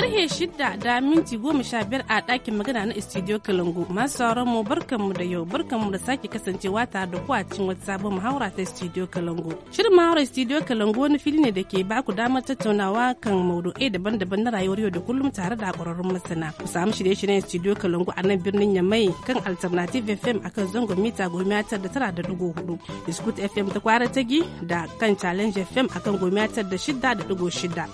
karhe shida da minti goma sha biyar a ɗakin magana na studio kalangu masu sauran mu barkanmu da yau barkanmu da sake kasancewa tare da ku a cikin wata sabon muhawara ta studio kalangu shirin muhawara studio kalangu wani fili ne da ke ba ku damar tattaunawa kan maudu'ai daban-daban na rayuwar yau da kullum tare da ƙwararrun masana ku samu shirye-shiryen studio kalangu a nan birnin yamai kan alternative fm akan zangon mita goma da tara da dugu hudu biskut fm ta kwara tagi da kan challenge fm akan goma da shida da dugu shida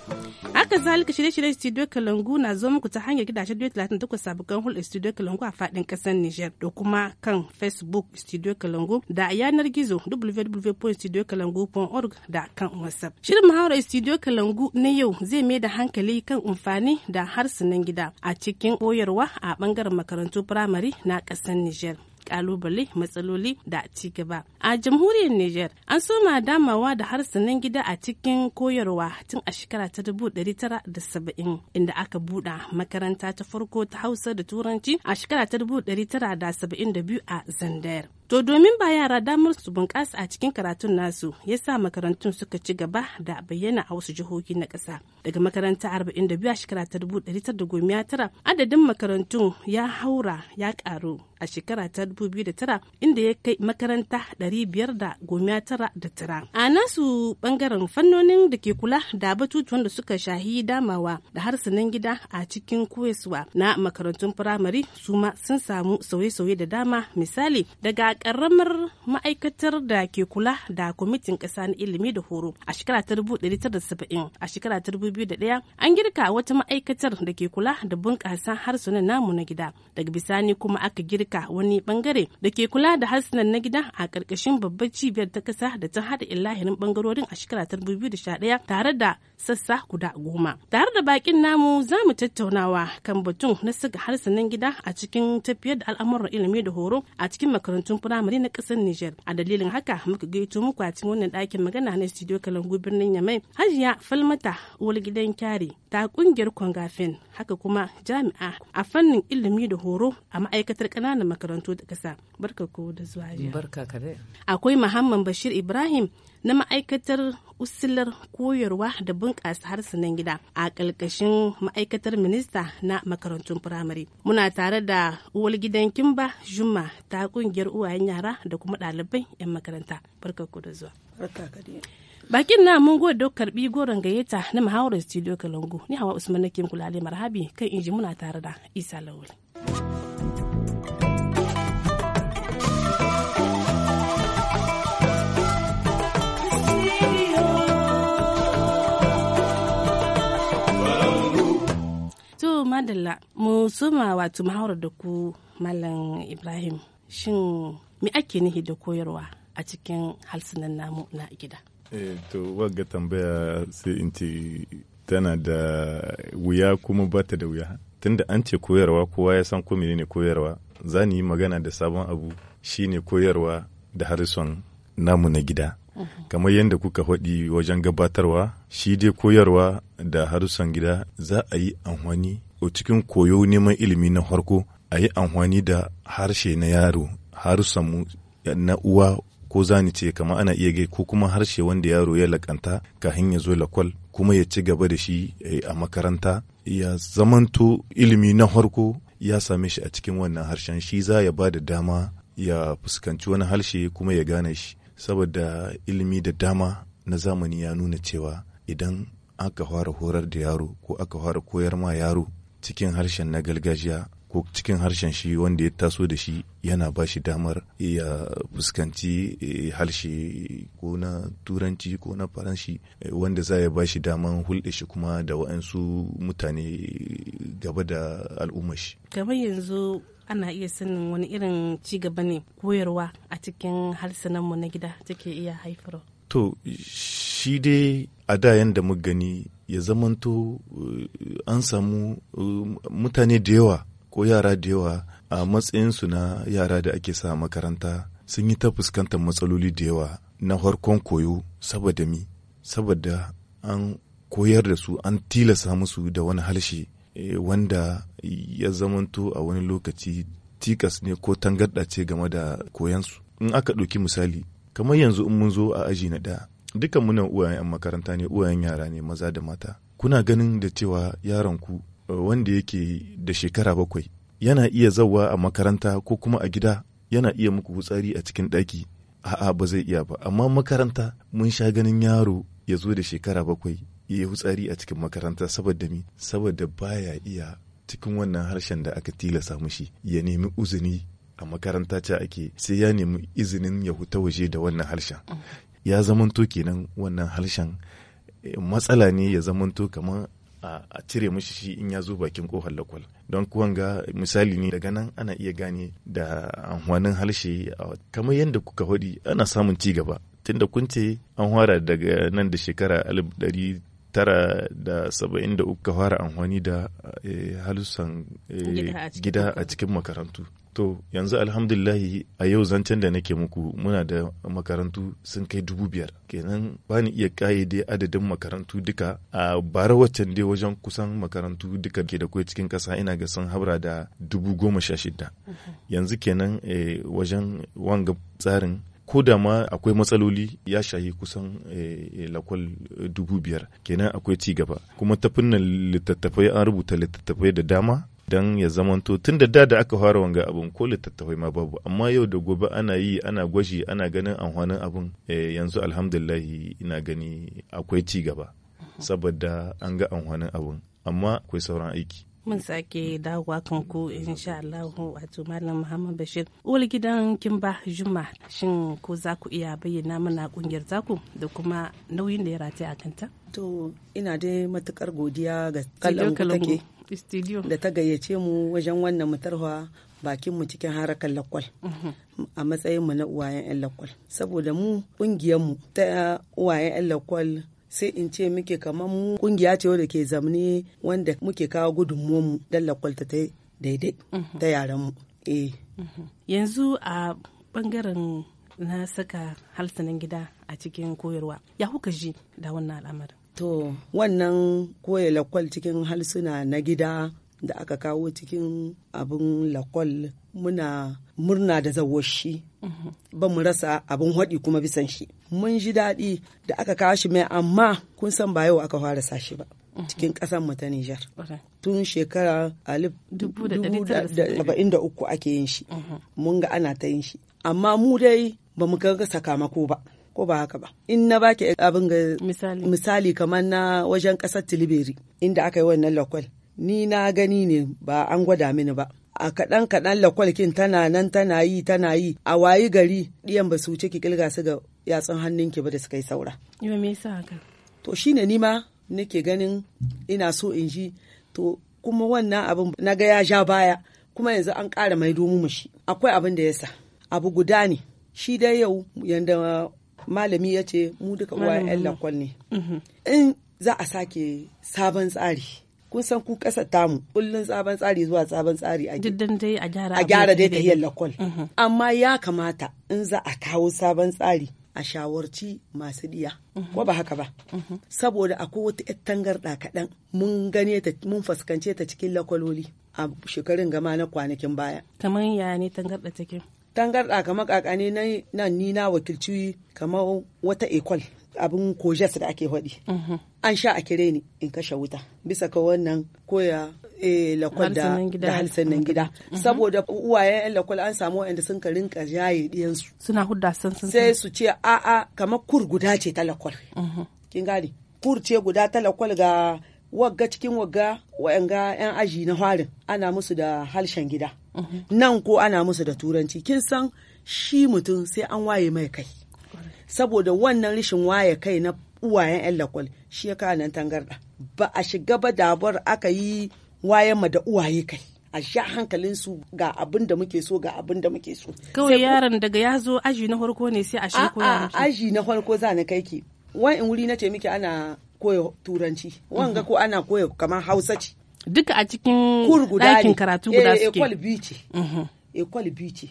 haka zalika shirye-shiryen studio Kalangu na zo muku ta hanyar gidaje 38 sabukan hul Studio Kalangu a fadin kasar Niger da kuma kan Facebook Studio Kalangu da yanar gizo www.studiokalangu.org da kan WhatsApp. Shirin muhawarar Studio Kalangu na yau zai mai da hankali kan amfani da harsunan gida a cikin koyarwa a bangaren makarantu firamare na kasar Niger. kalubale matsaloli da ci gaba a jamhuriyar Nijar an soma damawa da harsunan gida a cikin koyarwa tun a shekara ta 1970 inda aka buɗa makaranta ta farko ta hausa da turanci a shekara ta 1972 a zandar To domin ba yara damar su bunƙasa a cikin karatun nasu ya sa makarantun suka ci gaba da bayyana a wasu jihohi na ƙasa. Daga makaranta 42 a shekara ta tara adadin makarantun ya haura ya ƙaru a shekara ta tara inda ya kai makaranta biyar da da tara tara. A nasu ɓangaren fannonin da ke kula da batutuwan da suka shahi damawa da harsunan gida a cikin koyaswa na makarantun firamare su ma sun samu sauye-sauye da dama misali daga ƙaramar ma'aikatar da ke kula da kwamitin ƙasa na ilimi da horo a shekara ta saba'in a shekara ta ɗaya an girka wata ma'aikatar da ke kula da bunƙasa harsunan namu na gida daga bisani kuma aka girka wani ɓangare da ke kula da harsunan na gida a ƙarƙashin babbar cibiyar ta ƙasa da ta haɗa illahirin bangarorin a shekara ta ɗaya tare da sassa guda goma. Tare da bakin namu za mu tattaunawa kan batun na saka harsunan gida a cikin tafiyar da al'amuran ilimi da horo a cikin makarantun firamare na ƙasar Nijar. A dalilin haka muka gaito muku a cikin wannan ɗakin magana na studio Kalangu birnin Yamai. Hajiya Falmata uwar gidan kyari ta ƙungiyar Kwangafen haka kuma jami'a a fannin ilimi da horo a ma'aikatar ƙananan makarantu da ƙasa. Barka ku da zuwa Barka Akwai Muhammad Bashir Ibrahim na ma'aikatar usilar koyarwa da bunƙasa harsunan gida a ƙarƙashin ma'aikatar minista na makarantun firamare. Muna tare da uwar gidan Kimba Juma ta ƙungiyar uwayen yara da kuma ɗalibai 'yan makaranta. Barka da zuwa. Bakin na mun gode da karbi goron gayyata na muhawarar studio Kalangu. Ni Hawa Usman nake kula marhabi kan inji muna tare da Isa Lawal. madalla mu suma wato da ku malam ibrahim shin me ake nihi da koyarwa a cikin halsunan namu na gida eh, to wagga tambaya sai in ce tana da wuya kuma bata da wuya tunda an ce koyarwa kowa ya san ko ne koyarwa za ni yi magana da sabon abu shine koyarwa da harson namu na gida mhm. kamar yadda kuka faɗi wajen gabatarwa shi dai koyarwa da harsun gida za a yi anhwani cikin koyo neman ilimi na farko a yi amfani da harshe na yaro harsanmu na uwa ko zani ce kama ana iya gai ko kuma harshe wanda yaro ya lakanta ka ya zo lakwal kuma ya ci gaba da shi a makaranta ya zamanto ilimi na farko ya same shi a cikin wannan harshen shi za ya ba da dama ya fuskanci wani harshe kuma ya gane shi saboda ilimi da dama na zamani ya nuna cewa idan aka fara horar da yaro ko aka fara koyar ma yaro cikin harshen na gargajiya ko cikin harshen shi wanda ya taso da shi yana ba shi damar ya fuskanci eh, harshe ko na turanci ko na faranshi eh, wanda za ya ba shi damar hulɗe shi kuma da waɗansu mutane gaba da al'ummar shi. Kamar yanzu ana iya sanin wani irin ci gaba ne koyarwa a cikin harsunanmu na gida take iya haifarwa. To shi dai a da yanda mu gani ya zamanto eh, an samu eh, mutane da yawa ko yara da yawa a matsayinsu na yara da ake sa makaranta sun yi ta fuskantar matsaloli da yawa na harkon koyo saboda mi saboda an koyar da su an tilasa musu da wani harshe eh, wanda ya zamanto a wani lokaci tikas ne ko tangarɗa ce game da koyansu in aka ɗauki misali kamar yanzu in mun zo a aji na ɗaya dukan munan uwayen 'yan makaranta ne uwayen yara ne maza da mata kuna ganin da cewa yaron eh, wanda yake da shekara bakwai yana iya zawa a makaranta ko kuma a gida yana iya muku hutsari a cikin ɗaki a'a ba zai iya ba amma makaranta mun sha ganin yaro ya zo da shekara bakwai ya yi hutsari a cikin makaranta saboda mi saboda baya iya cikin wannan harshen da aka tilasa mushi ya nemi uzini a makaranta ce ake sai ya nemi izinin ya huta waje da wannan harshen ya zamanto kenan wannan harshen eh, matsala ne ya zamanto kamar a cire mishi shi in ya zo bakin kofar lakwal don kuwan ga misali ne daga nan ana iya gane da amfanin harshe kamar yadda kuka faɗi ana samun ci gaba tunda kun ce an fara daga nan da shekara 1973 ka fara amfani da eh, halusan eh, gida a cikin makarantu To yanzu alhamdulillahi a yau zancen da nake muku muna da makarantu sun kai dubu biyar. Kenan bani ni iya ƙayyade adadin makarantu duka a bara waccan dai wajen kusan makarantu duka ke da kai cikin ƙasa ina ga san habra da dubu goma sha shida. Yanzu kenan eh, wajen wanga tsarin ko da ma akwai matsaloli ya shahi kusan eh, eh, lakwal dubu biyar kenan akwai ci gaba kuma ta littattafai an rubuta littattafai da dama don ya zamanto tun da da aka fara wanga abun ko littattafai ma babu amma yau da gobe ana yi ana gwaji ana ganin amfanin abun eh, yanzu alhamdulillahi ina gani akwai ci gaba saboda an ga amfanin abun amma akwai sauran aiki mun sake dawowa kan ku insha Allah wato Malam Muhammad Bashir. Uwar gidan Kimba Juma shin ko za ku iya bayyana mana kungiyar zaku da kuma nauyin da ya rataya a kanta? To ina dai matukar godiya ga ku take studio da ta gayyace mu wajen wannan mutarwa bakin mu cikin harakan lakwal mhm. a matsayin mu na uwayen yan lakwal saboda mu kungiyar mu ta uwayen yan lakwal sai in ce muke kamar mu kungiya ce wanda ke zamani wanda muke kawo gudunmuwan mu dan lakwal ta ta daidai ta mhm. yaran mu eh mhm. yanzu a bangaren na saka halsanin gida a cikin koyarwa ya kuka ji da wannan al'amarin To wannan koya lakwal cikin halsuna na gida da aka kawo cikin abin lakwal muna murna da zawoshi mhm. ba mu rasa abin haɗi kuma bisan shi. Mun ji daɗi da aka kawo shi mai amma kun san ba yau aka fara sashi shi ba. Mhm. cikin ƙasar mu ta Nijar. Tun shekara 1973 ake yin shi, mhm. mun ga ana ta yin shi. Amma mu dai ba mu ga sakamako ba. ko ba haka ba in na baki abin ga misali, kamar na wajen kasar tilibiri inda aka yi wannan lakwal ni na gani ne ba an gwada mini ba a kaɗan kaɗan kin tana nan tana yi tana yi a wayi gari ɗiyan ba su wuce ki kilga su ga yatsun ki ba da suka yi saura. Yau me yasa haka? To shine ni ma nake ganin ina so in ji to kuma wannan abin na ga ya ja baya kuma yanzu an ƙara maido mu shi. Akwai abin da yasa abu guda ne shi dai yau yanda malami ya ce mu duka uwa yan lakwal ne mhm. in za a sake sabon tsari kun san ku kasa tamu kullun sabon tsari zuwa sabon tsari a gyara gyara dai ta yin lakwal mhm. amma ya kamata in za a kawo sabon tsari a shawarci masu diya mhm. ko ba haka ba saboda akwai wata yar tangarda kaɗan mun gane ta mun fuskance ta cikin lakwaloli a shekarun gama na kwanakin baya kamar ya ne tangarda take tangarɗa kamar kakane nan ni na wakilci kamar wata ekol abin kojes da ake faɗi. Mhm. An sha a kire ni in kashe wuta bisa ka wannan koya eh, lakwal da halsannin gida. Mhm. Saboda uwaye yan lakwal an samu wanda sun ka rinka jaye ɗiyansu. Suna hudda sun sun. Sai su ce a'a kamar kur guda ce ta lakwal. Mhm. Kin gane? Kur ce guda ta lakwal ga wagga cikin wagga wa'anga yan aji na harin ana musu da halshen gida. nan ko ana musu da turanci kin san shi mutum sai an waye mai kai saboda wannan rashin waye kai na uwayen yan lakwal shi ya kawo nan tangarda ba a shiga ba dabar aka yi wayan ma da uwaye kai a sha hankalin su ga abin da muke so ga abin da muke so kawai yaron daga ya zo aji na farko ne sai a shi koya aji na farko za na kai ki wani wuri na ce miki ana koya turanci wanga ko ana koya kamar hausa ce duka a cikin ɗakin karatu guda eh, suke ekwal biyu ekwal biyu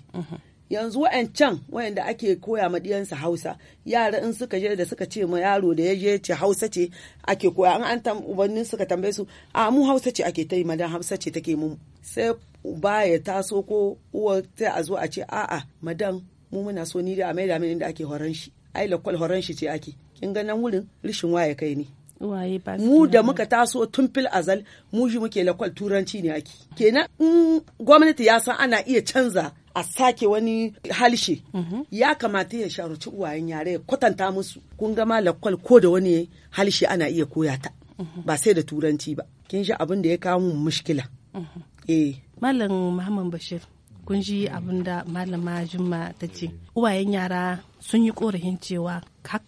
yanzu wa'ancan wa'anda ake koya ma diyansa hausa yara in suka je da suka ce ma yaro da ya je ce hausa ce ake koya an an tam ubannin suka tambaye su a mu hausa ce ake ta yi madan hausa ce take mu sai ba ya taso ko uwa ta a zo a ce a'a madan mu muna so ni da a maida mini da ake horon shi ai lakwal horon shi ce ake kin ganin wurin rishin waye kai ne mu da muka taso tun fil azal mu shi muke lakwal turanci ne ake kenan in gwamnati ya san ana iya canza a sake wani halshe mhm. ya kamata ya sharuci uwayen yare ya kwatanta musu kun gama lakwal ko da wani halshe ana iya koya ta mhm. ba sai da turanci ba kin shi abin da ya kawo mu mushkila mhm. eh malam muhammad bashir kun ji abin da malama jumma ta ce uwayen yara sun yi korafin cewa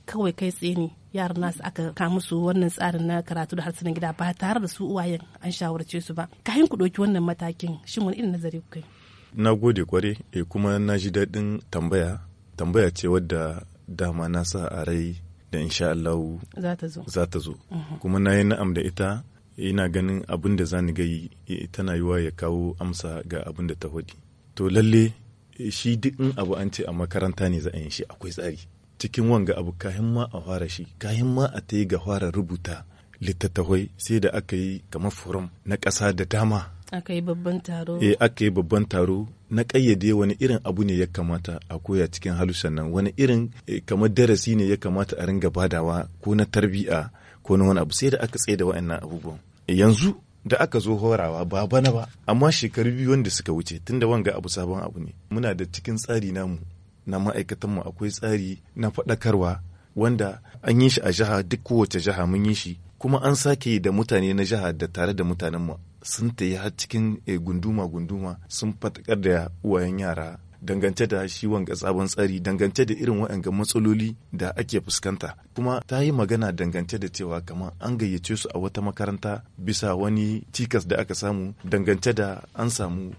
kawai kai tsaye yaran nasu aka ka musu wannan tsarin na karatu da harsunan gida ba tare da su uwayen an shawarce su ba kayan ku ɗauki wannan matakin shin wani irin nazari ku kai na gode kware e eh, kuma na ji daɗin tambaya tambaya ce wadda dama na sa a rai da insha Allah za ta zo mhm. kuma na yi na'am da ita ina ganin abin da zani gai eh, tana yiwa ya kawo amsa ga abin da ta hudi to lalle eh, shi duk in abu an ce a makaranta ne za a yin shi akwai tsari cikin wanga abu kayan ma a fara shi kayan ma a ta yi ga fara rubuta littattafai sai da aka yi kamar forum na ƙasa da dama aka yi babban taro eh aka yi babban taro na ƙayyade wani irin abu ne ya kamata a koya cikin halushan nan wani irin eh, kamar darasi ne ya kamata a ringa badawa ko na tarbiya ko na wani abu sai da aka tsaye da wa'annan abubuwan yanzu da aka zo horawa ba bana ba amma shekaru biyu wanda suka wuce tunda wanga abu sabon abu ne muna da cikin tsari namu na ma'aikatanmu akwai tsari na faɗakarwa wanda an yi shi a jiha duk kowace jiha mun yi shi kuma an sake da mutane na jiha da tare da mutanenmu sun yi har cikin gunduma-gunduma eh, sun faɗakar da uwayen yara dangance da shi wanga tsabon tsari dangance da irin waɗanda matsaloli da ake fuskanta kuma ta yi magana dangance da cewa kamar an gayyace su a wata makaranta bisa wani cikas da aka samu dangance da an samu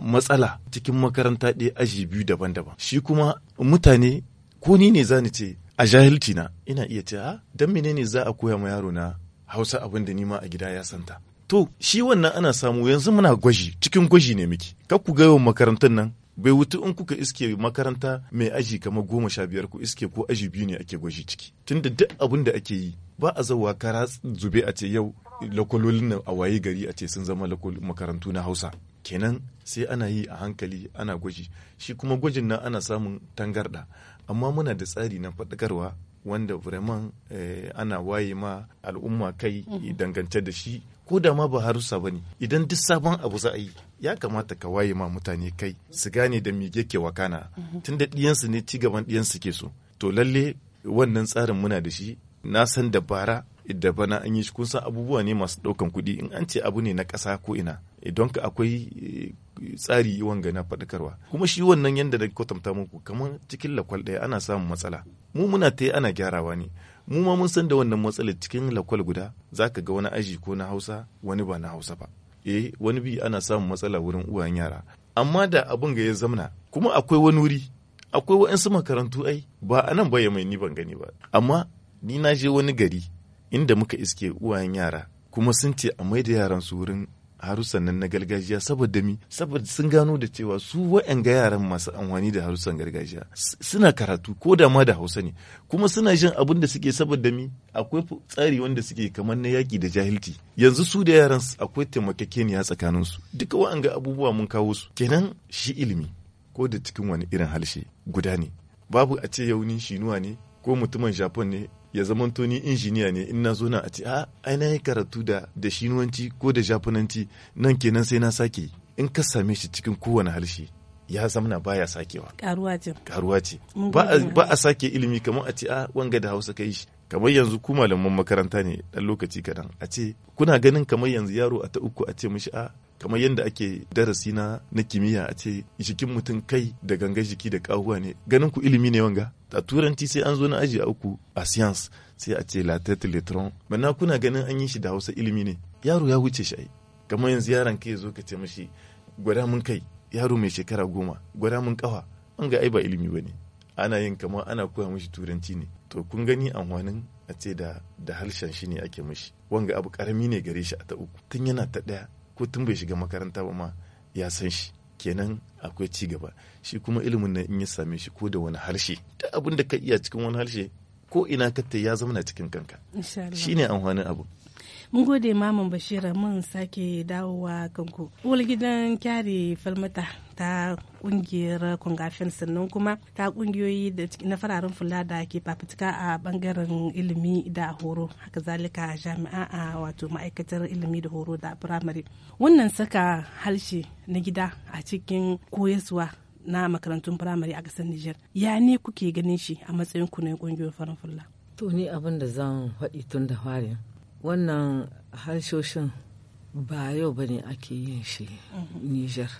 matsala cikin makaranta ɗaya aji biyu daban-daban shi kuma mutane ko ni ne zani ce a jahilci na ina iya ce ah, don dan menene za a koya ma yaro na hausa abin da nima a gida ya santa to shi wannan ana samu yanzu muna gwaji cikin gwaji ne miki kar ku ga yawan makarantar nan bai wuce in kuka iske makaranta mai aji kamar goma sha biyar ku iske ko aji biyu ne ake gwaji ciki tunda duk abin da ake yi ba a zauwa kara zube a ce yau lakwalolin a waye gari a ce sun zama makarantu na hausa kenan sai ana yi a hankali ana gwaji shi kuma gwajin nan ana samun tangarda amma muna da tsari na faɗakarwa wanda vraiment eh, ana waye ma al'umma kai mhm. dangance da shi ko da ma ba harusa ba ne idan duk sabon abu za a yi ya kamata ka waye ma mutane kai su gane da me yake wakana tun mhm. da tunda ɗiyansu ne ci gaban ɗiyansu ke so to lalle wannan tsarin muna da shi na san dabara da bana an yi shi kun san abubuwa ne masu ɗaukan kuɗi in an ce abu ne na ƙasa ko ina don ka akwai eh, tsari yi wanga na faɗakarwa kuma shi wannan yadda na kwatanta muku kamar cikin lakwal ɗaya ana samun matsala mu muna ta ana gyarawa ne mu ma mun san da wannan matsalar cikin lakwal guda za ka ga wani aji ko na hausa wani ba na hausa ba eh wani bi ana samun matsala wurin uwan yara amma da abin ga ya zamna kuma akwai wani wuri akwai wa'ansu makarantu ai ba a nan ba ya mai ni ban gani ba amma ni na je wani gari inda muka iske uwayen yara kuma sun ce a maida yaran su wurin harusan nan na gargajiya saboda mi saboda sun gano da cewa su ga yaran masu amfani da harusan gargajiya suna karatu ko da ma da hausa ne kuma suna jin abin da suke saboda mi akwai tsari wanda suke kamar na yaƙi da jahilci yanzu su da yaran akwai taimakekeniya tsakanin su duka ga abubuwa mun kawo su kenan shi ilimi ko da cikin wani irin halshe, guda ne babu a ce yaunin shinuwa ne ko mutumin japan ne ya zama ni injiniya ne in na zo na a ce a ah, ai na yi karatu da da shinuwanci ko da jafunanci nan kenan sai na sake in ka same shi cikin kowane harshe ya zamana baya sakewa karuwa ce karuwa ce ba a sake ilimi kamar a ce a ah, wanga da hausa kai shi kamar yanzu ku malaman makaranta ne dan lokaci kadan a ce kuna ganin kamar yanzu yaro a ta uku a ce mishi a ah, kamar yadda ake darasi na na kimiyya a ce jikin mutum kai da gangan jiki da kahuwa ne ganin ku ilimi ne wanga a turanci sai an zo na aji a uku a science sai a ce la tête l'étron kuna ganin an yi shi da Hausa ilimi ne yaro ya wuce shi ai kamar yanzu yaron kai zo ka ce mishi gwada mun kai yaro mai shekara goma gwada mun kafa ga ai ba ilimi ba ne. ana yin kamar ana koya mishi turanci ne to kun gani amfanin a ce da da harshen shi ne ake mishi wanga abu karami ne gare shi a ta uku tun yana ta ɗaya. ko tun bai shiga makaranta ba ma ya san shi kenan akwai ci gaba shi kuma ilimin na in ya same shi ko da wani harshe ta abin da ka iya cikin wani harshe ko ina ka ya zama cikin kanka shi shine amfanin abu mun gode maman bashira mun sake dawowa kanku uwar gidan kyare falmata ta kungiyar kungafin sannan kuma ta kungiyoyi na fararen fula da ke fafutuka a bangaren ilimi da horo haka zalika jami'a a wato ma'aikatar ilimi da horo da firamare wannan saka halshe na gida a cikin koyaswa na makarantun firamare a ƙasar Nijar. Ya ne kuke ganin shi a matsayin ku na farin fulla? To abin da zan faɗi tun da farin wannan harshoshin ba yau ba ne ake yin shi niger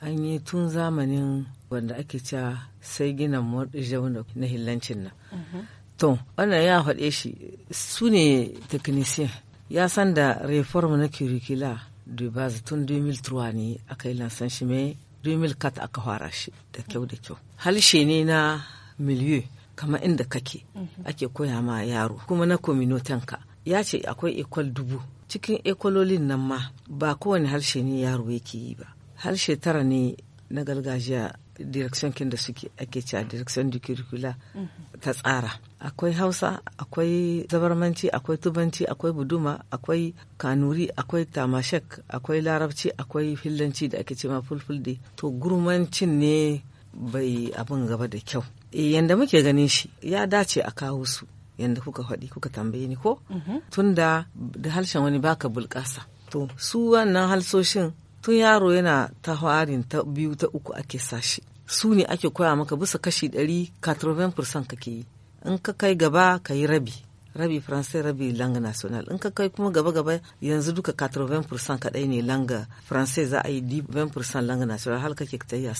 an yi tun zamanin wanda ake cewa sai gina jauna na hillancin nan mhm. to wannan ya faɗe shi su ne technician ya san da reform na curricula da ba tun 2003 ne aka yi lansan shi mai 2004 aka fara shi da kyau da kyau halshe ne na milieu kama inda kake mhm. ake koya ma yaro kuma na kominotanka ya ce akwai ekwal dubu cikin ekwalolin nan ma ba kowane harshe ne yaro yake yi ba harshe tara ne na gargajiya direction kin da suke ake cewa direction du curricula mhm. ta tsara akwai hausa akwai zabarmanci akwai tubanci akwai buduma akwai kanuri akwai tamashek akwai larabci akwai fillanci da ake cewa fulfulde to gurmancin ne bai abin gaba da kyau yadda eh, yanda muke ganin shi ya dace a kawo su yadda kuka faɗi kuka tambaye ni ko mhm. tunda da harshen wani baka bulƙasa to su wannan halsoshin tun yaro yana ta harin ta biyu ta uku ake sashi su ne ake koya maka bisa kashi ɗari 80% kake yi in ka kai gaba ka yi rabi rabi faransai rabi langa national in ka kai kuma gaba gaba yanzu duka 80% kadai ne langa faransai za a yi 20% langa national har kake yi a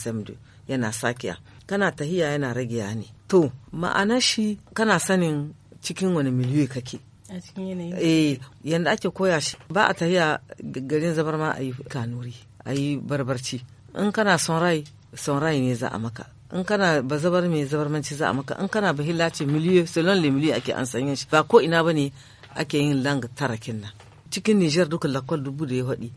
yana sakiya kana tahiya yana rage ne to ma'ana shi kana sanin cikin wani miliyoyi kake a cikin yanayi eh yanda ake koya shi ba a tafiya garin zabar ma a yi kanuri a yi barbarci in kana son rai son rai ne za a maka in kana ba zabar mai zabar manci za a maka in kana ba hillace miliyoyi salon le miliyoyi ake an sanya shi ba ko ina ba ne ake yin lang tarakin nan cikin Nijar duka lakwal dubu da ya haɗi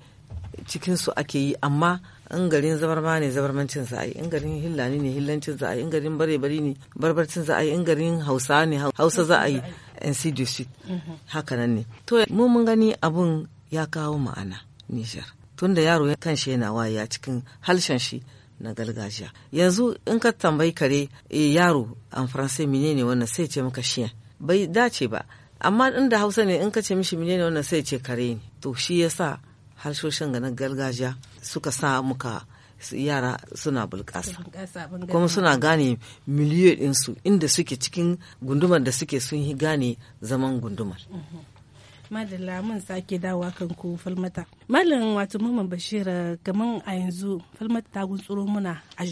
cikin su ake yi amma in garin zabarma ne zabarmancin za a yi in garin hillani ne hillancin za a yi in garin bare bare ne barbarcin za a yi in garin hausa ne hausa za a yi nc haka nan ne to mu mun gani abun ya kawo ma'ana nijar tunda yaro ya kan shi yana waya cikin halshen shi na gargajiya yanzu in ka tambayi kare eh, yaro a faransai menene wannan sai ce maka shiyan bai dace ba amma inda hausa ne in ka ce mishi menene wannan sai ce kare ne to shi yasa harshoshin na gargajiya suka sa muka yara suna bulƙasa kuma suna gane miliyoyinsu ɗinsu inda suke cikin gundumar da suke sun yi gane zaman gundumar mm-hmm. madalla mun sake dawa kan ku falmata malam wato mamman bashira kaman a yanzu falmata ta gunsuro muna a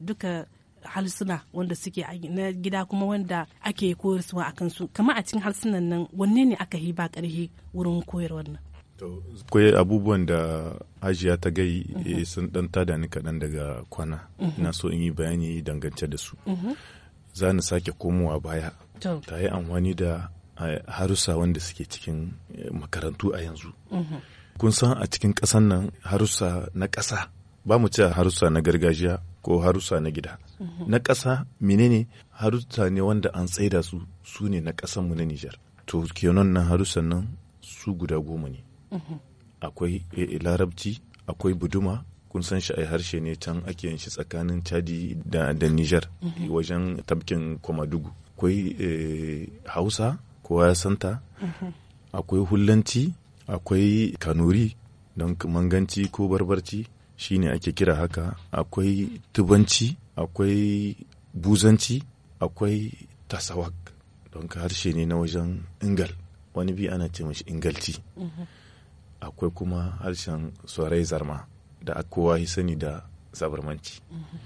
duka halsuna wanda suke na gida kuma wanda ake koyarwa a kansu kamar a cikin halsunan nan wanne ne aka yi ba karhi wurin koyar wannan akwai abubuwan da hajiya ta gai eh, sun dan tada ni kaɗan daga kwana na so in yi bayani dangance da su za ni sake komowa baya ta yi amfani da eh, harusa wanda suke cikin eh, makarantu a yanzu kun san a cikin ƙasan nan harusa na ƙasa ba mu cewa harusa na gargajiya ko harusa na gida na ƙasa menene harusa ne wanda an tsaida su su ne na ƙasan mu na Nijar to kenan nan harusa nan su guda goma ne akwai eh, eh, larabci akwai buduma kun san shi a harshe ne can ake yin shi tsakanin chadi da, da niger mhm. wajen tabkin komadugu akwai eh, hausa kowa ya santa mhm. akwai hullanci akwai kanuri don manganci ko barbarci shi shine ake kira haka akwai tubanci akwai buzanci akwai tasawak don harshe ne na wajen ingal wani bi ana ce mashi ingalci mhm. akwai kuma harshen sorai zarma da kowa ya sani da zabarmanci mm-hmm.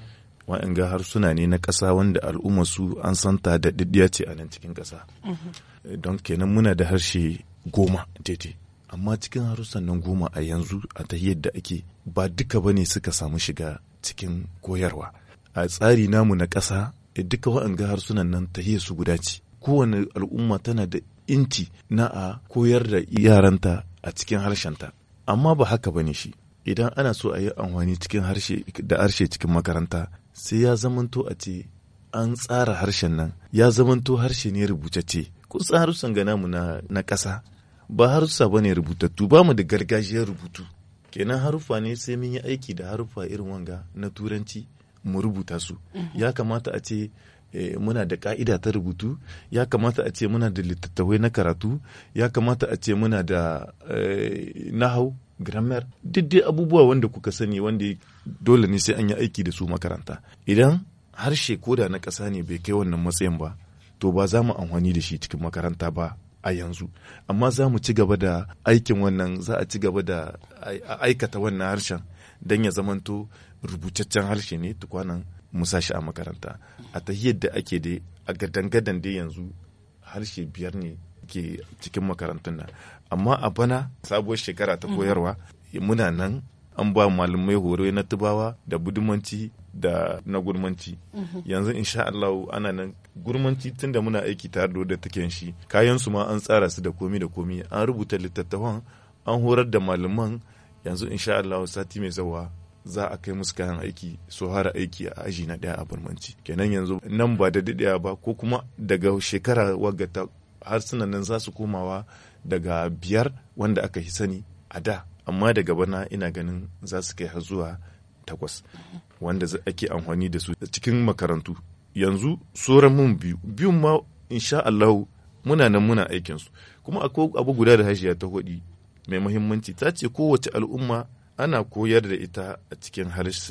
wa'anga harsuna ne na ƙasa wanda al'umma su an santa da ɗiɗɗiya ce a nan cikin ƙasa mm-hmm. eh, don kenan muna da harshe goma daidai amma cikin harsunan nan goma a yanzu a ta yadda ake ba duka bane suka samu shiga cikin koyarwa a tsari namu na ƙasa eh, duka waɗanga harsunan nan ta su guda ce kowane al'umma tana da inci na a koyar da yaranta a cikin harshenta amma ba haka bane shi idan ana so a yi amfani cikin harshe da harshe cikin makaranta sai ya zamanto a ce an tsara harshen nan ya zamanto harshe ne rubutacce san harsunan gana mu na ƙasa ba harsusa bane rubutattu ba mu da gargajiyar rubutu kenan harufa ne sai mun yi aiki da harufa irin wanga na turanci mu rubuta su mm-hmm. ya kamata a ce Eh, muna da ka'ida ta rubutu ya kamata a ce muna da littattafai na karatu ya kamata a ce muna da eh, nahau grammar duk dai abubuwa wanda kuka sani wanda dole ne sai an yi aiki da su makaranta idan harshe koda na ƙasa ne bai kai wannan matsayin ba to ba za mu amfani da shi cikin makaranta ba a yanzu amma za mu ci gaba da aikin wannan za a ci gaba da aikata wannan harshen don ya zamanto rubutaccen harshe ne tukwanan musa shi a makaranta a tahiyar da ake dai a gadan da dai yanzu harshe biyar ne ke cikin makarantun nan amma a bana sabuwar shekara ta mhm. koyarwa muna nan an ba malamai horo na tubawa da budumanci da na gurmanci mhm. yanzu insha Allah ana nan gurmanci tun da muna aiki tare da wadda take shi kayan su ma an tsara su da komi da komi an rubuta littattafan an horar da malaman yanzu insha Allah sati mai zawa za a kai musu kayan aiki su fara aiki a aji na daya a birmanci. kenan yanzu nan ba da daɗewa ba ko kuma daga shekara wagata suna nan za su komawa daga biyar wanda aka yi sani a da amma daga bana ina ganin za su kai har zuwa takwas wanda ake amfani da su cikin makarantu yanzu sauran mun biyu biyun ma insha Allah muna nan muna aikinsu kuma akwai abu guda da hashiya ta hudi mai muhimmanci ta ce kowace al'umma ana koyar da ita a cikin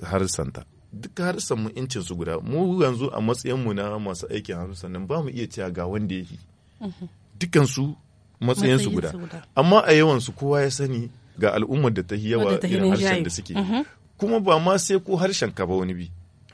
harsanta duk harsan mu incin su guda mu yanzu a matsayin mu na masu aikin harsan nan ba mu iya cewa ga wanda yake yi su matsayin su guda amma a yawan su kowa ya sani ga al'ummar da ta yawa irin harshen da suke mhm. kuma ba ma sai ko harshen ka ba wani bi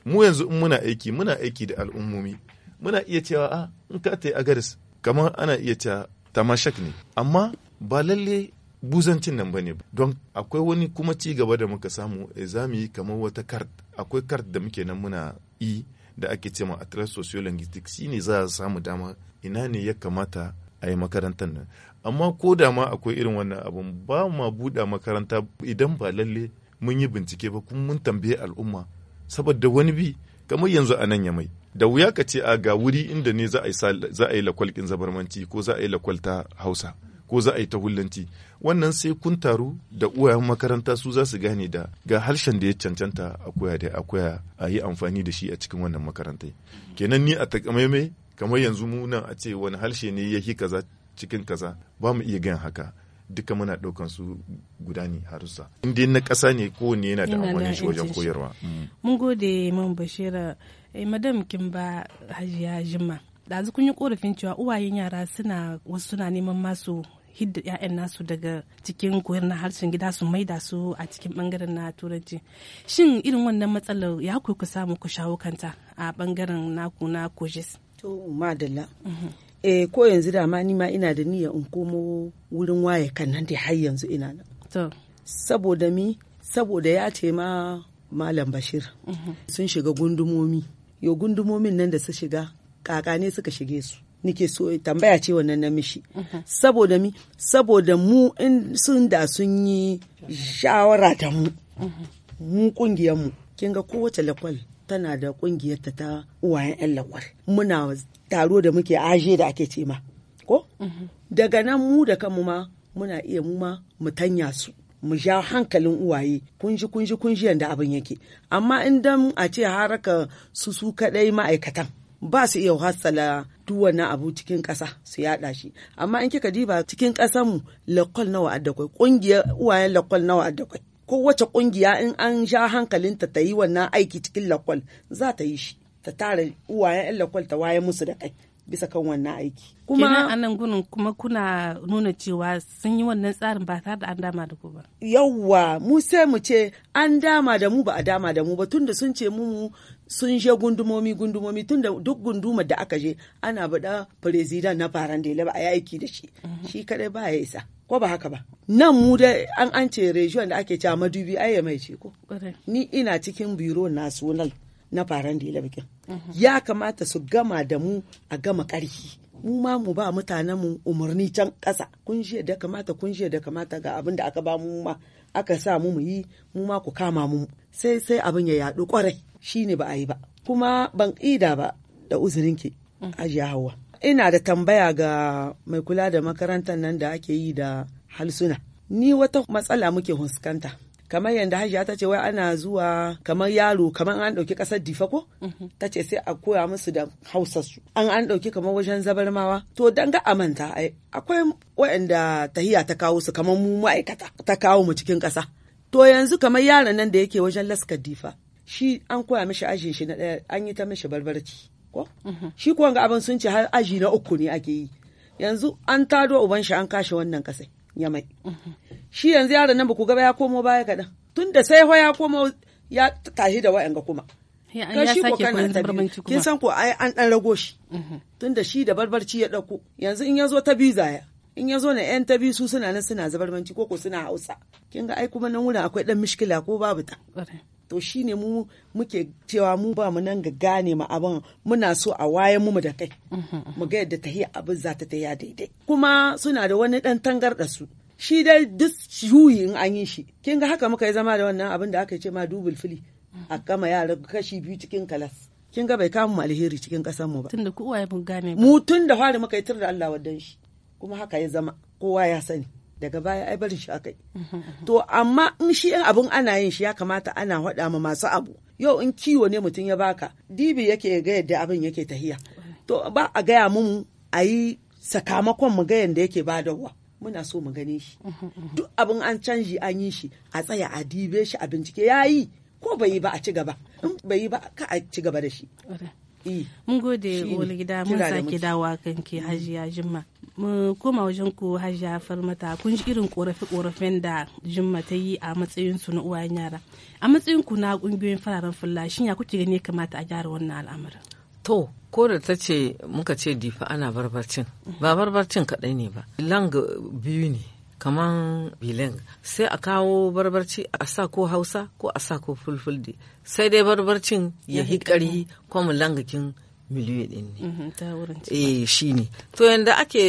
mu yanzu in muna aiki muna aiki da al'ummomi muna iya cewa a ah, in ka ta yi agaris kamar ana iya cewa tamashak ne amma ba lalle buzancin nan ba bane don akwai wani kuma ci gaba da muka samu e za mu yi kamar wata kart akwai kart da muke nan muna yi da ake ce ma atlas sociolinguistic ne za a samu dama ina ne ya kamata a yi makarantar nan amma ko da ma akwai irin wannan abun ba ma buɗa makaranta idan ba lalle mun yi bincike ba kuma mun tambaye al'umma saboda wani bi kamar yanzu a nan ya mai da wuya ka ce a ga wuri inda ne za a yi lakwal zabarmanci ko za a yi lakwal ta hausa ko za a yi ta hullanci wannan sai kun taru da uwayen makaranta su za su gane da ga harshen da ya cancanta a koya da a a yi amfani da shi a cikin wannan makaranta kenan ni a takamaime kamar yanzu mu nan a ce wani harshe ne ya yi kaza cikin kaza ba mu iya gan haka duka muna ɗaukan su guda ne harusa inda na ƙasa ne ko ne yana da amfani shi wajen koyarwa mm. mun gode man bashira eh, madam kin ba hajiya jima ɗazu kun yi korafin cewa uwayen yara suna wasu suna neman masu hidda 'ya'yan nasu daga cikin koyar na harshen gida su maida su a cikin bangaren na turanci shin irin wannan matsalar ya ku ku samu ku shawo kanta a bangaren naku na kojis to madalla mhm. eh ko yanzu da ma ni ma ina da niyya in komo wurin waye kan nan dai har yanzu ina nan to saboda mi saboda ya ce ma malam bashir mhm. sun shiga gundumomi yo gundumomin nan da su shiga kakane suka shige su nike so tambaya ce wannan na mishi mhm. saboda mi saboda mu in sun da sun yi shawara ta mu mhm. mu kungiyar mu kin ga kowace lakwal tana da kungiyarta ta uwayen yan lakwal muna taro da muke aje da ake ce ma ko mhm. daga nan mu da kanmu ma muna iya mu ma mu tanya su mu ja hankalin uwaye kunji kunji kunji yanda abin yake amma in dan a ce haraka su su kadai ma'aikatan ba su iya hassala duk wannan abu cikin ƙasa su yaɗa shi amma in kika diba cikin ƙasanmu lakol nawa addakwai ƙungiyar uwayen lakol nawa addakwai kowace ƙungiya in an sha hankalinta ta yi wannan aiki cikin lakol za ta yi shi ta tara uwayen 'yan lakol ta waye musu da kai bisa kan wannan aiki. Kuma a nan gunin kuma kuna nuna cewa sun yi wannan tsarin ba tare da an dama da ku ba. Yawwa mu sai mu ce an dama da mu ba a dama da mu ba tunda sun ce mu sun je gundumomi gundumomi tunda duk gunduma da aka je ana bada president na faran da ba a aiki da shi mhm. shi kadai ba ya isa ko ba haka ba nan mu da an an ce region da ake cewa madubi ai mai ce ko ni ina cikin biro national na faran da bikin mhm. ya kamata su gama da mu a gama karfi mu ma mu ba mutanen mu umarni can ƙasa kun jiya da kamata kun shi da kamata ga abin da aka ba mu ma aka sa mu mu yi mu ma ku kama mu sai sai abin ya yaɗu kwarai shine ba a yi ba kuma ban ida ba da ki. ajiya hawa ina da tambaya ga mai kula da makarantar nan da ake yi da halsuna ni wata matsala muke huskanta kamar yadda hajiya ta ce wai ana zuwa kamar yaro kamar an ɗauki ƙasar difa ko mhm. ta ce sai a koya musu da hausa su an an ɗauki kamar wajen zabarmawa to dan ga amanta akwai waɗanda tahiya ta kawo su kamar mu ma'aikata ta kawo mu cikin ƙasa to yanzu kamar yaron nan da yake wajen laskar difa shi an koya mishi ajin shi na ɗaya an yi ta mishi barbarci ko mhm. shi kuwa ga abin sun ce har aji na uku ne ake yi yanzu an tado uban shi an kashe wannan kasai yamai shi yanzu yaron nan ba ku gaba ya komo baya kaɗan tun da sai ya komo ya tashi da ga kuma kan shi ko kan kin san ko ai an dan rago shi mhm. tun da shi da barbarci ya dauko yanzu in ya zo ta biyu zaya in ya zo na yan ta biyu su suna nan suna zabarmanci ko ko suna hausa kin ga ai kuma nan wurin akwai dan mishkila ko babu ta to shine mu muke cewa mu ba mu nan ga gane ma abin muna so a waye mu da kai mu ga yadda tahiya abin za ta tahiya daidai kuma suna da wani dan tangarda su shi dai duk juyi in an yi shi kin ga haka muka yi zama da wannan abin da aka ce ma dubul fili a kama yara kashi biyu cikin kalas kin ga bai kama mu alheri cikin kasan mu ba tunda ku uwaye mun gane mu tun da fari muka yi tur da Allah wadan shi kuma haka ya zama kowa ya sani daga baya ai barin shi akai to amma in shi in abun ana yin shi ya kamata ana hada ma masu abu yau in kiwo ne mutum ya baka dibi yake ga yadda abin yake tahiya to ba a gaya mun a yi sakamakon mu ga yadda yake badawa muna so mu gane shi duk abin an canji an yi shi a tsaya a dibe shi a bincike yayi ko bai yi ba a ci gaba in bai yi ba ka a ci gaba da shi E, mun gode wani gida mun sake dawa ke hajiya jimma mu koma wajen ku hajiya farmata kun ji irin korafi korafen da jimma ta yi a matsayin su na uwayen yara a matsayin ku na kungiyoyin fararen fulla shin ya kuke gani kamata a gyara wannan al'amarin to ko da ta ce muka ce difa ana barbarcin ba barbarcin kaɗai ne ba lang biyu ne kaman bilen sai a kawo barbarci a sa ko hausa ko a sa ko fulfulde sai dai barbarcin ya hi ƙarhi ko langakin miliyoyi ɗin ne mhm, eh shi ne to yanda ake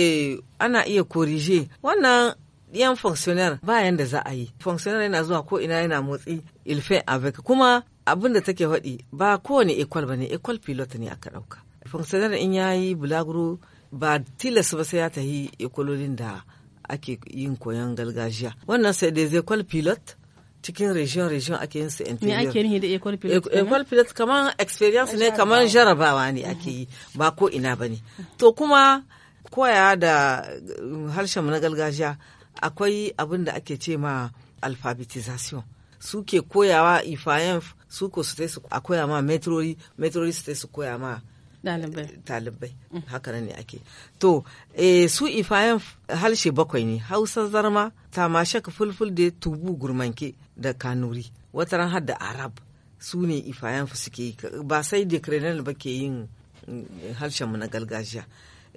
ana iya korije wannan yan fonksiyonar bayan da za a yi fonksiyonar yana zuwa ko ina yana motsi ilfe avec kuma abin da take faɗi ba kowane ekwal ba ne ekwal pilot ne aka ɗauka fonksiyonar in ya yi bulaguro ba tilas ba sai ya tahi ekwalolin da ake yin koyon gargajiya wannan sai dai zai kwal pilot cikin region region ake yin su interior. Me ake yin da equal pilot? Equal pilot kaman experience ne kamar jarabawa ne ake yi ba ko ina ba ne. To kuma koya da um, harshen na gargajiya akwai abin da ake ce ma alphabetization. Suke koyawa ifayen su ko su su a koya ma metrori metrori su su koya ma talibai eh, haka nan ne ake to e, su ifayen halshe bakwai ne hausa zarma tamashek fulful da tubu gurmanke da kanuri wata har da arab su ne ifayen suke ba sai da krenel ba ke yin eh, harshenmu na gargajiya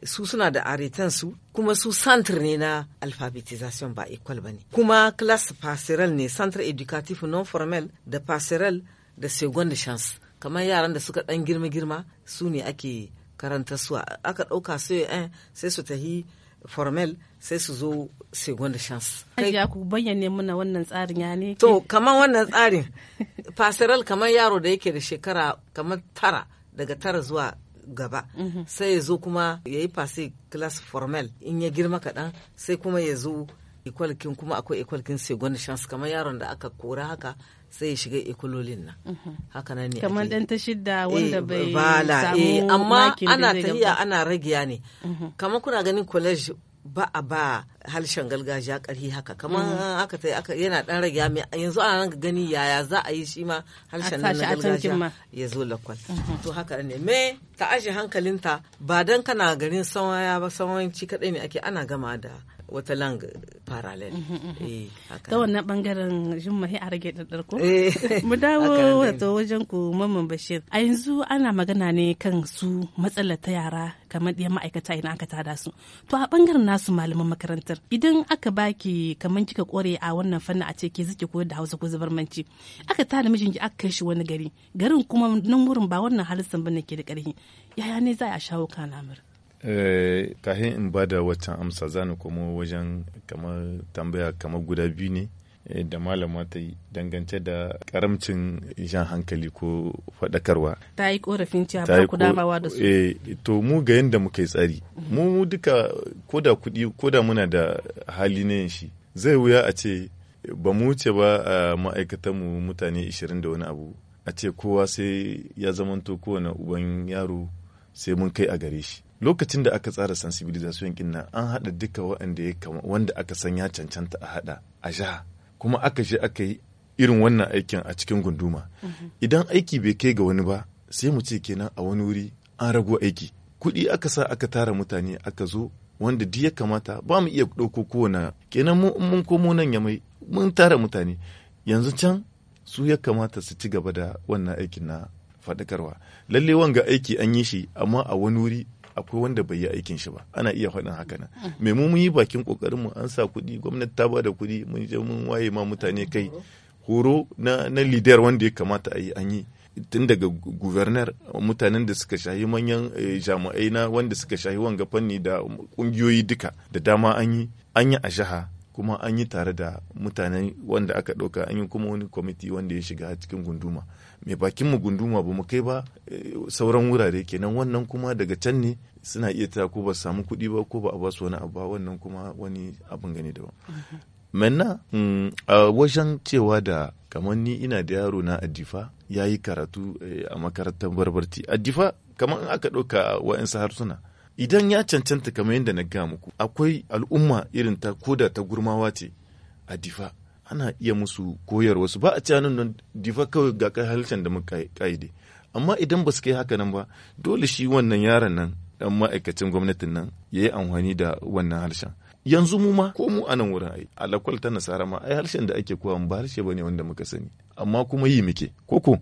su suna da aretan su kuma su santir ne na alphabetization ba equal ba ne kuma class passerelle ne centre educatif non formel da passerelle da second chance kamar yaran da suka ɗan girma-girma su ne ake karanta su aka ɗauka sai eh, sai su tahi formal sai su zo second chance. Kai ku bayyane muna wannan tsarin ya ne? To, kamar wannan tsarin, pastoral kamar yaro da yake da shekara kamar tara daga tara zuwa gaba mhm. sai ya zo kuma ya yi fasi class formal in ya girma kaɗan sai kuma ya zo ikwalkin kuma akwai ikwalkin second chance kamar yaron da aka kora haka sai ya shiga ikulolin nan haka nan ne kamar dan ta shidda wanda eh, bai samu eh, amma ana tahiya ana ragiya ne mhm. kamar kuna ganin college ba a ba harshen gargajiya karhi haka kamar haka mhm. ta aka yana dan ragiya mai yanzu ana nan gani yaya za a yi shi ma harshen nan na gargajiya ya zo lakwal mhm. to haka ne me ta ashe hankalinta ba dan kana garin sawaya ba sawanci kadai ne ake ana gama da wata lang parallel mhm, mhm, mhm. Eh, ta wannan bangaren mahi a rage ɗaɗɗar ko eh, mu dawo wato wajen ku mamman bashir a yanzu ana magana ne kan su matsalar ta yara kamar ɗiyan ma'aikata idan aka tada su to a bangaren nasu malaman makarantar idan aka baki kamar kika kore a wannan fanni a ce ke zuke koyar da hausa ko zubarmanci aka tada mijinki aka kai shi wani gari garin kuma nan wurin ba wannan halittar bane ke da ƙarfi yaya ne za a shawo kan lamarin Eh, kahin in ba da wata amsa za ni komo wajen kamar tambaya kamar guda biyu ne eh, da malama ta yi dangance da karamcin jan hankali ko faɗakarwa. Ta yi korafin cewa ba ku damawa da su. E, to mu ga yadda muka yi tsari. Mhm. Mu duka koda kuɗi koda muna da hali na yin shi. Zai wuya a ce ba mu wuce ba a ma'aikatanmu mutane 20 da wani abu. A ce kowa sai ya zamanto kowane uban yaro sai mun kai a gare shi. lokacin da aka tsara sensibilisation kin nan an haɗa duka waɗanda ya kama wanda aka san ya cancanta a haɗa a sha. kuma aka je aka yi irin wannan aikin a cikin gunduma idan aiki bai kai ga wani ba sai mu ce kenan a wani wuri an rago aiki kuɗi aka sa aka tara mutane aka zo wanda duk ya kamata ba mu iya ɗauko kowane kenan mu mun komo nan ya mai mun tara mutane yanzu can su ya kamata su ci gaba da wannan aikin na faɗakarwa lalle wanga aiki an yi shi amma a wani wuri akwai wanda bai yi aikin shi ba ana iya faɗin haka nan me mu mun yi bakin kokarin mu an sa kuɗi gwamnati ta bada da kuɗi mun je mun waye ma mutane kai horo na na leader wanda ya kamata a yi an yi tun daga guvernar mutanen da suka shahi manyan eh, jami'ai na wanda suka shahi wanga fanni da kungiyoyi duka da dama an yi an yi a jiha kuma an yi tare da mutanen wanda aka ɗauka an yi kuma wani kwamiti wanda ya shiga cikin gunduma mai bakin mu gunduma ba mu kai ba eh, sauran wurare kenan wannan kuma daga can ne suna iya ta ko ba samu kuɗi ba ko ba a basu wani abu wannan kuma wani abin gani da menna mm, a wajen cewa da kamar ni ina da yaro na Adifa ya yi karatu eh, a makarantar barbarti Adifa kamar in aka ɗauka wa'insu harsuna idan ya cancanta kamar yadda na ga muku akwai al'umma irin ta koda ta gurmawa ce Adifa. ana iya musu koyar wasu ba a cewa nan difa kawai ga kai halittar da muka ka'ide amma idan ba su kai haka nan ba dole shi wannan yaron nan dan ma'aikacin gwamnatin nan ya yi amfani da wannan harshen yanzu mu ma ko mu a nan wurin ai lakwal ta nasara ma ai harshen da ake kowa ba harshe bane wanda muka sani amma kuma yi muke koko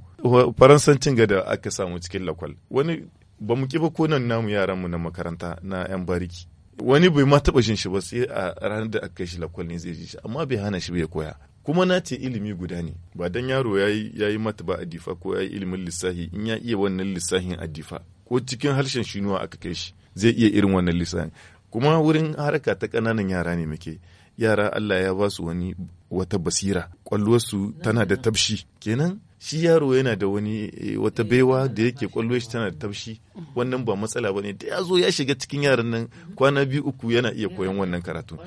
faransancin ga da aka samu cikin lakwal wani ba mu ki ba ko namu yaran mu na makaranta na yan bariki wani bai ma taɓa shi ba sai a ranar da aka kai shi lakwal ne zai ji shi amma bai hana shi bai koya kuma na ce ilimi guda ne ba dan yaro ya yi mata ba adifa ko ya yi ilimin lissahi in ya iya wannan lissahin adifa ko cikin harshen shinuwa aka kai shi zai iya irin wannan lissahin kuma wurin haraka ta kananan yara ne muke yara Allah ya ba su wani wata basira su tana da tabshi kenan shi yaro yana da wani eh, wata eh, baiwa da yake kwallo shi tana da taushi mm-hmm. wannan ba matsala bane da ya zo ya shiga cikin yaran nan mm-hmm. kwana biyu uku yana iya koyon wannan karatu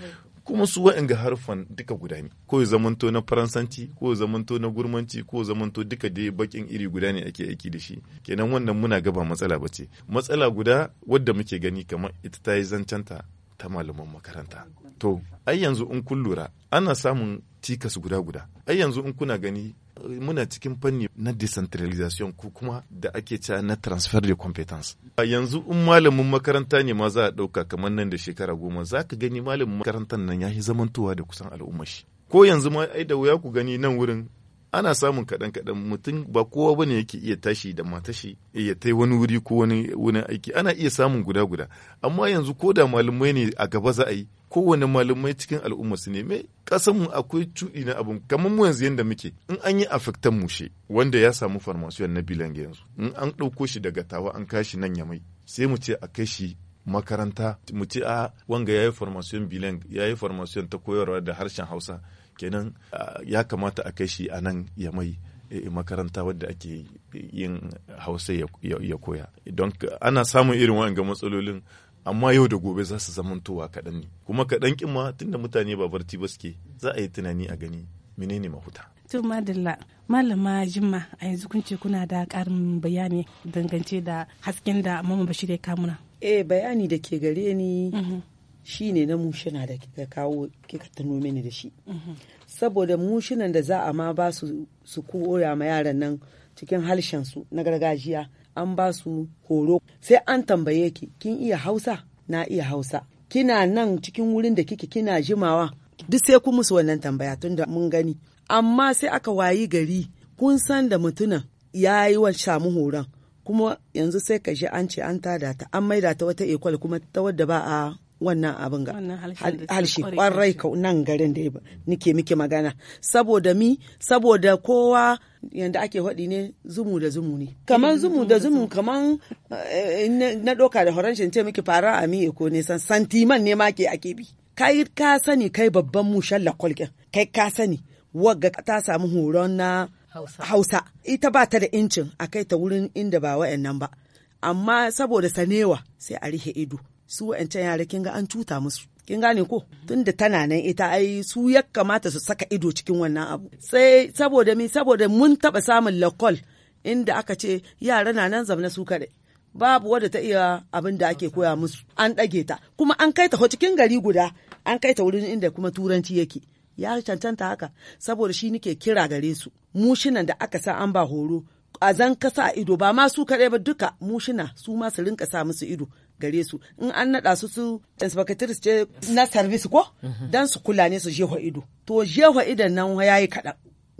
kuma su waɗanga harfan duka guda ne ko zamanto na faransanci ko zamanto na gurmanci ko ya zamanto duka da bakin iri guda ne ake aiki da shi kenan wannan muna gaba matsala bace matsala guda wadda muke gani kamar ita ta yi zancanta ta malaman makaranta to ai yanzu in kun lura ana samun cikas guda guda ai yanzu in kuna gani muna cikin fanni na decentralization ko kuma da ake cewa na transfer de competence a yanzu in malamin makaranta ne ma za a ɗauka kamar nan da shekara goma za ka gani malamin makarantar nan ya yi zamantowa da kusan al'ummashi. ko yanzu ma ai da wuya ku gani nan wurin ana samun kaɗan kaɗan mutum ba kowa bane yake iya tashi da matashi ya tai wani wuri ko wani wani aiki ana iya samun guda guda amma yanzu ko da malamai ne a gaba za a yi kowane malamai cikin al'umma su neme kasanmu akwai cuɗi na abin kamar mu yanzu yadda muke in an yi afektan mushe wanda ya samu farmasiyon na bilange yanzu in an ɗauko shi daga tawa an kashi nan yamai sai mu ce a kai shi makaranta mu ce a ah, wanga ya yi farmasiyon bilang ya yi farmasiyon ta koyarwa da harshen hausa kenan ya kamata a kai shi a nan ya mai e, e, makaranta wadda ake yin hausa ya koya don ana samun irin ga matsalolin amma yau da gobe za su zamantowa kaɗan ne kuma kaɗan ƙin ma tunda mutane ba barci ba suke za a yi tunani a gani menene mahuta to madalla malama jimma a yanzu kun ce kuna da ƙarin bayani dangance da hasken da mama bashir ya kamuna eh bayani da ke gare ni mhm. shi ne na mushina da kika kawo kika tuno mini da shi mhm. saboda mushinan da za a ma ba su su koya ma yaran nan cikin harshen su na gargajiya an ba su horo sai an tambaye ki kin iya hausa na iya hausa kina nan cikin wurin da kike kina jimawa duk sai ku musu wannan tambaya tun da mun gani amma sai aka wayi gari kun san da mutunan ya yi wa samu horon kuma yanzu sai ka ji an ce an tada ta an maida ta wata ekwal kuma ta wadda ba a wannan abin ga halshe kwarai ka nan garin da nike miki magana saboda mi saboda kowa yanda ake haɗi ne zumu da zumu ne kaman zumu da zumu kaman eh, na doka da horanshin ce miki fara a mi ko ne san santiman ne ma ke ake bi kai ka sani kai babban mushan lakwalkin kai ka sani wagga ta samu horon na hausa ita ba ta da incin a kai ta wurin inda ba wa'annan ba amma saboda sanewa sai a rihe ido su wa'ancan yara kin ga an cuta musu kin gane ko tunda tana nan ita ai su ya kamata su saka ido cikin wannan abu sai saboda mi saboda mun taba samun lakol inda aka ce yara na nan zamna su kare babu wadda ta iya abin da ake koya musu an ɗage ta kuma an kai ta cikin gari guda an kai ta wurin inda kuma turanci yake ya cancanta haka saboda shi nike kira gare su mushinan da aka sa an ba horo a zan kasa ido ba ma su kaɗai ba duka mushina su ma su rinka sa musu ido gare su in an naɗa su su inspectors ce na service ko mhm. dan su kula ne su jefa ido to jefa idan nan ya yi kaɗan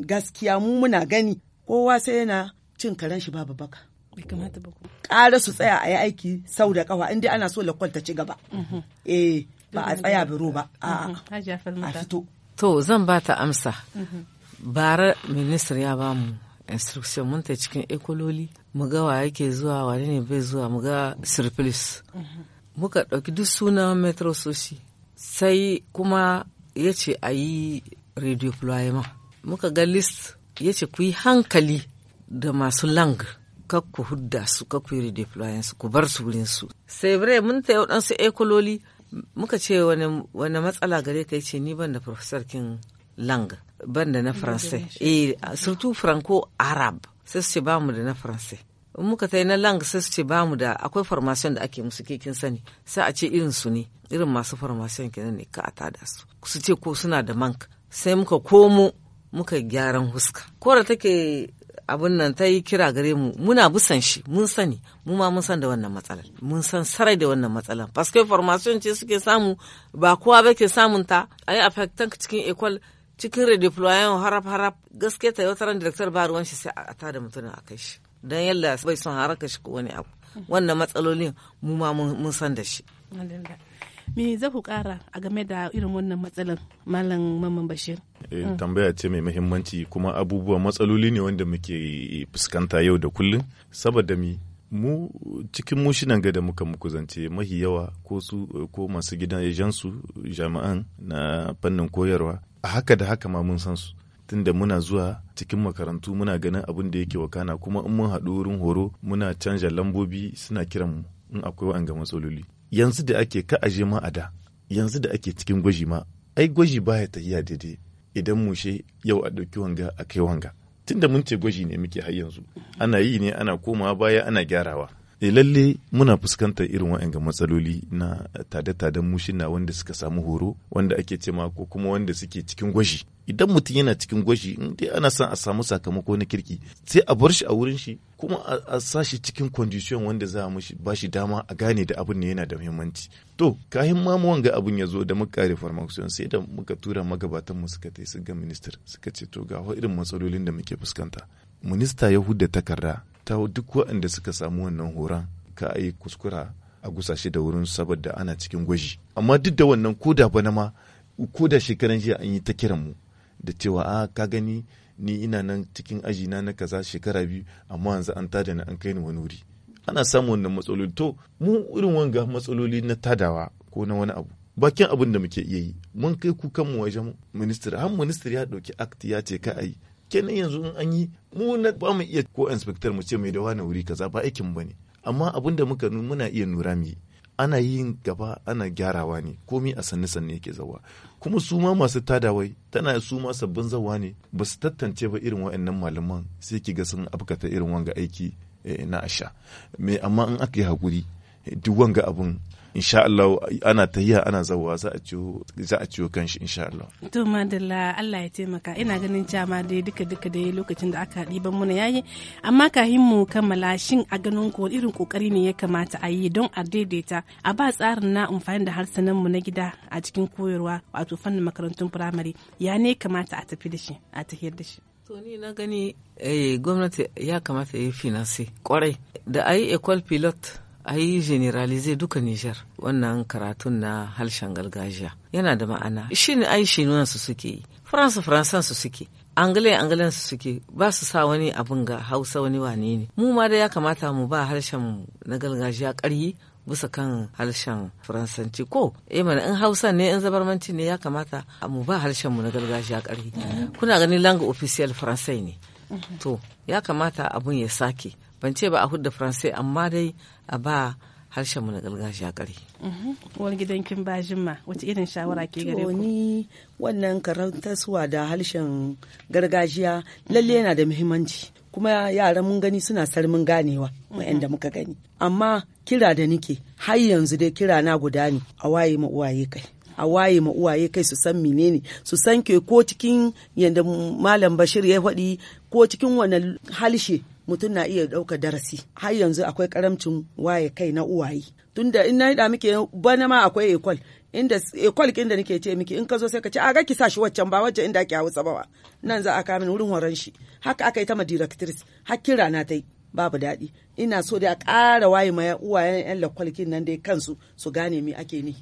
gaskiya mu muna gani kowa sai yana cin karen shi babu baka ƙara su tsaya a yi aiki sau da kawa inda ana so lakwal ta ci gaba mhm. eh ba a tsaya biro ba mhm. a fito to zan ba ta amsa bara ministar ya bamu instruction mun ta cikin ekololi mu ga wa yake zuwa wa ne bai zuwa mu ga surplus mhm. muka ɗauki duk suna metro soshi sai kuma ya ce a yi radio muka ga list ya ce ku yi hankali da masu lang kakuhudda ku hudda su kar ku yi redeploying su ku bar su wurin sai bre mun ta waɗansu ekololi muka ce wani matsala gare ka ce ni ban da professor kin lang da na faransai eh surtout franco arab sai su ce ba mu da na faransai in muka tai na lang sai su ce ba mu da akwai formation da ake musu kin sani sai a ce irin su ne irin masu formation kenan ne ka a da su su ce ko suna da mank sai muka komo muka gyaran huska kora take abin nan ta yi kira gare mu muna busan shi mun sani mu ma mun san da wannan matsalar mun san sarai da wannan matsalar paske formation ce suke samu ba kowa ba ke samun ta a yi affectan cikin ecole cikin redeployen harap-harap gaske ta wata ran director ba ruwan shi sai a ta mutum a kai shi Dan yalla bai son haraka shi ko wani abu wannan matsalolin mu ma mun san da shi me za ku kara a game da irin wannan matsalan malam mamman bashir eh, mm. tambaya ce mai muhimmanci kuma abubuwa matsaloli ne wanda muke fuskanta yau da kullum saboda mi mu cikin mu shinan ga da muka muku zance mahi yawa ko su ko masu gidan jansu jami'an na fannin koyarwa a haka da haka ma mun san su tunda muna zuwa cikin makarantu muna ganin abin da yake wakana kuma in mun haɗu wurin horo muna canja lambobi suna kiran mu in akwai wa'anga matsaloli yanzu da ake ka aje ma a da yanzu da ake cikin gwaji ma ai gwaji baya tahiya daidai idan mushe yau a ɗauki wanga a kai wanga tunda mun ce gwaji ne muke har yanzu ana yi ne ana komawa baya ana gyarawa e lalle muna fuskantar irin waɗanga matsaloli na tada taden mushina wanda suka samu horo wanda ake cema ko kuma wanda suke cikin gwashi idan mutum yana cikin gwashi in dai ana son a samu sakamako na kirki sai a bar shi a wurin shi kuma a sa shi cikin condition wanda za a ba shi dama a gane da abin ne yana da muhimmanci to kayan mamu wanga abin ya zo da muka kare farmakon sai da muka tura magabatan mu suka tai su ga minister suka ce to ga irin matsalolin da muke fuskanta minista ya hudda takarda ta duk waɗanda suka samu wannan horon ka a yi kuskura a gusashe da wurin saboda ana cikin gwaji amma duk da wannan ko da bana ma ko da shekaran jiya an yi ta kiran mu da cewa a ah, ka gani ni ina nan cikin aji na na kaza shekara biyu amma yanzu an tada ni an kai ni wani wuri ana samun wannan matsaloli to mu irin wanga matsaloli na tadawa ko na wani abu bakin abin da muke iya yi mun kai kukan mu wajen ministir har ministir ya ɗauki akti ya ce ka yi kenan yanzu in an yi mu na ba mu iya ko inspector mu ce mai da wani wuri kaza ba aikin bane amma abin da muka nu muna iya nura mu ana yin gaba ana gyarawa ne komi a sanne sanne yake zawa kuma su ma masu tadawai tana su ma sabbin zawa ne ba su tantance ba irin wa'annan malaman sai ki ga sun abkata irin wanga aiki eh, na asha me amma in aka yi hakuri duk wanga abun insha Allah ana tahiya ana zawa za a ciwo za a ciwo kanshi insha Allah to madalla Allah ya taimaka ina ganin cewa dai duka duka dai lokacin da aka ban muna yayi amma kahin mu kammala shin a ganin ko irin kokari ne ya kamata a yi don a daidaita a ba tsarin na amfani da harsunan mu na gida a cikin koyarwa wato fannin makarantun firamare ya ne kamata a tafi da shi a tafiyar da shi To ni na gani eh, gwamnati ya kamata ya yi finance kwarai. Da a yi pilot a yi generalize duka Nijar wannan karatun na harshen gargajiya yana da ma'ana shi ne ai shi su suke yi faransa faransan su suke angale angalen su suke ba su sa wani abin ga hausa wani wane ne mu ma da ya kamata mu ba harshen na gargajiya ƙaryi bisa kan harshen faransanci ko eh mana in hausa ne in zabarmanci ne ya kamata mu ba harshen mu na gargajiya karye. kuna ganin langa ofisiyal faransai ne mhm. to ya kamata abun ya sake ban ce ba a hudda faransai amma dai a ba harshen mu na gargajiya kare. Mhm. Wani gidan kin ba jimma wace irin shawara ke gare ku? Ni wannan karantarsuwa da harshen gargajiya lalle yana da muhimmanci kuma yara mun gani suna sarmin ganewa wa'anda mhm. muka gani. Amma kira da nike har yanzu dai kira na guda ne a waye ma uwaye kai. a waye ma uwaye kai su san menene su san ke ko cikin yadda malam bashir ya faɗi ko cikin wani halshe mutum na iya ɗaukar darasi har yanzu akwai karamcin waye kai na uwaye tunda in na da muke bana ma akwai ekol inda ekol kin da nake ce miki in ka zo sai ka ce a ga ki sa shi waccan ba waccan inda ake hausa ba nan za a kawo min wurin horon shi haka aka yi ta ma directrice har kira na ta babu daɗi ina so da a kara waye ma uwayen yan kin nan dai kansu su gane me ake ni.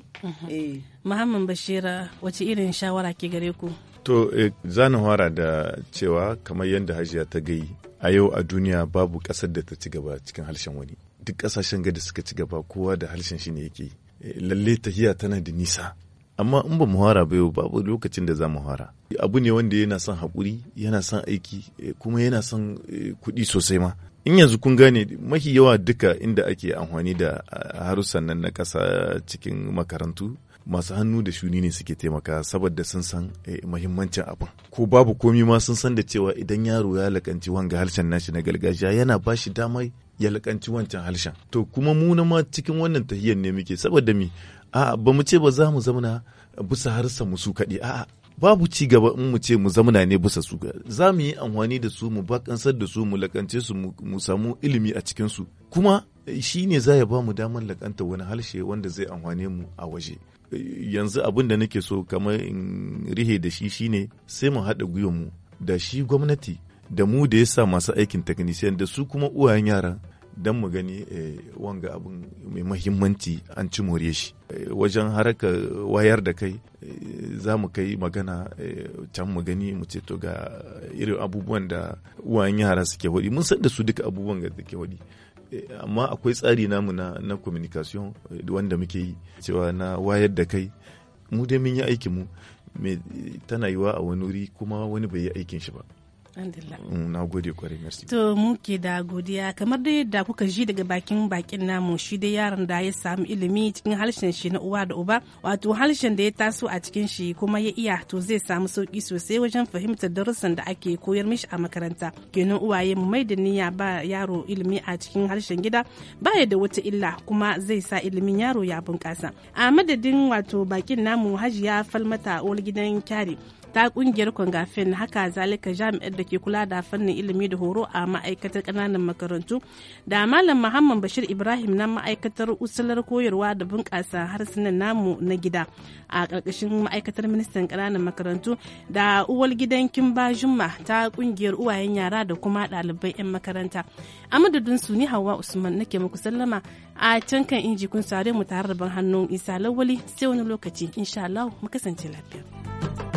Eh. Muhammad Bashira wace irin shawara ke gare ku To, eh, zana hwara da cewa kamar yadda hajiya ta gai a yau a duniya babu ƙasar da ta ci gaba cikin harshen wani. Duk ƙasashen gada suka ci gaba kowa da harshen shi ne yake. Eh, lalle tahiya tana da nisa. Amma in ba mu hwara ba yau babu lokacin da za mu hwara. Abu ne wanda yana son haƙuri, yana son aiki, eh, kuma yana son kuɗi sosai ma. in yanzu kun gane mafi yawa duka inda ake amfani da harsunan nan na ƙasa cikin makarantu masu hannu da shuni ne suke taimaka saboda sun san eh, muhimmancin abin ko babu komi ma sun san da cewa idan yaro ya lakanci wanga harshen nashi na gargajiya yana ba shi damar ya lakanci wancan harshen to kuma mu na ma cikin wannan tahiyyar ne muke saboda mi a'a ba mu ce ba za mu zamana bisa harsa mu su kaɗi a'a babu ci gaba in mu ce mu zamana ne bisa su za mu yi amfani da su mu bakansar da su mu lakance su mu samu ilimi a cikin su kuma eh, shi ne za ya ba mu damar lakanta wani harshe wanda zai amfane mu a waje yanzu abin da nake so kamar in rihe da shi shine sai mu haɗa mu da shi gwamnati da mu da ya sa masu aikin technician da su kuma uwayen yara don mu gani eh, wanga abin mai mahimmanci an ci more shi eh, wajen haraka wayar da kai eh, za mu kai magana can mu gani mu ce to ga irin abubuwan da uwayen yara suke waɗi mun san da su duka abubuwan da suke waɗi Eh, amma akwai tsari namu na na communication eh, wanda muke yi cewa na wayar da kai mu dai mun yi aikin mu tana yiwa a wani wuri kuma wani bai yi aikin shi ba Mm, na gode kwarai merci to muke da godiya kamar dai da kuka ji daga bakin bakin namu shi dai yaron da ya samu ilimi cikin harshen shi na uwa da uba wato harshen da ya taso a cikin shi kuma ya iya to zai samu sauki sosai wajen fahimtar darussan da ake koyar mishi a makaranta kenan uwaye mu mai da niyya ba yaro ilimi a cikin harshen gida baya da wata illa kuma zai sa ilimin yaro ya bunƙasa a madadin wato bakin namu hajiya falmata uwar gidan kyari ta kungiyar kwangafin haka zalika jami'ar da ke kula da fannin ilimi da horo a ma'aikatar kananan makarantu da malam muhammad bashir ibrahim na ma'aikatar usular koyarwa da bunƙasa harsunan namu na gida a ƙarƙashin ma'aikatar ministan kananan makarantu da uwal gidan kimba juma ta kungiyar uwayen yara da kuma ɗalibai 'yan makaranta a madadin su ni hawa usman nake muku sallama a can kan inji kun sare mu tare da ban hannun isa lawali sai wani lokaci insha Allah mu kasance lafiya.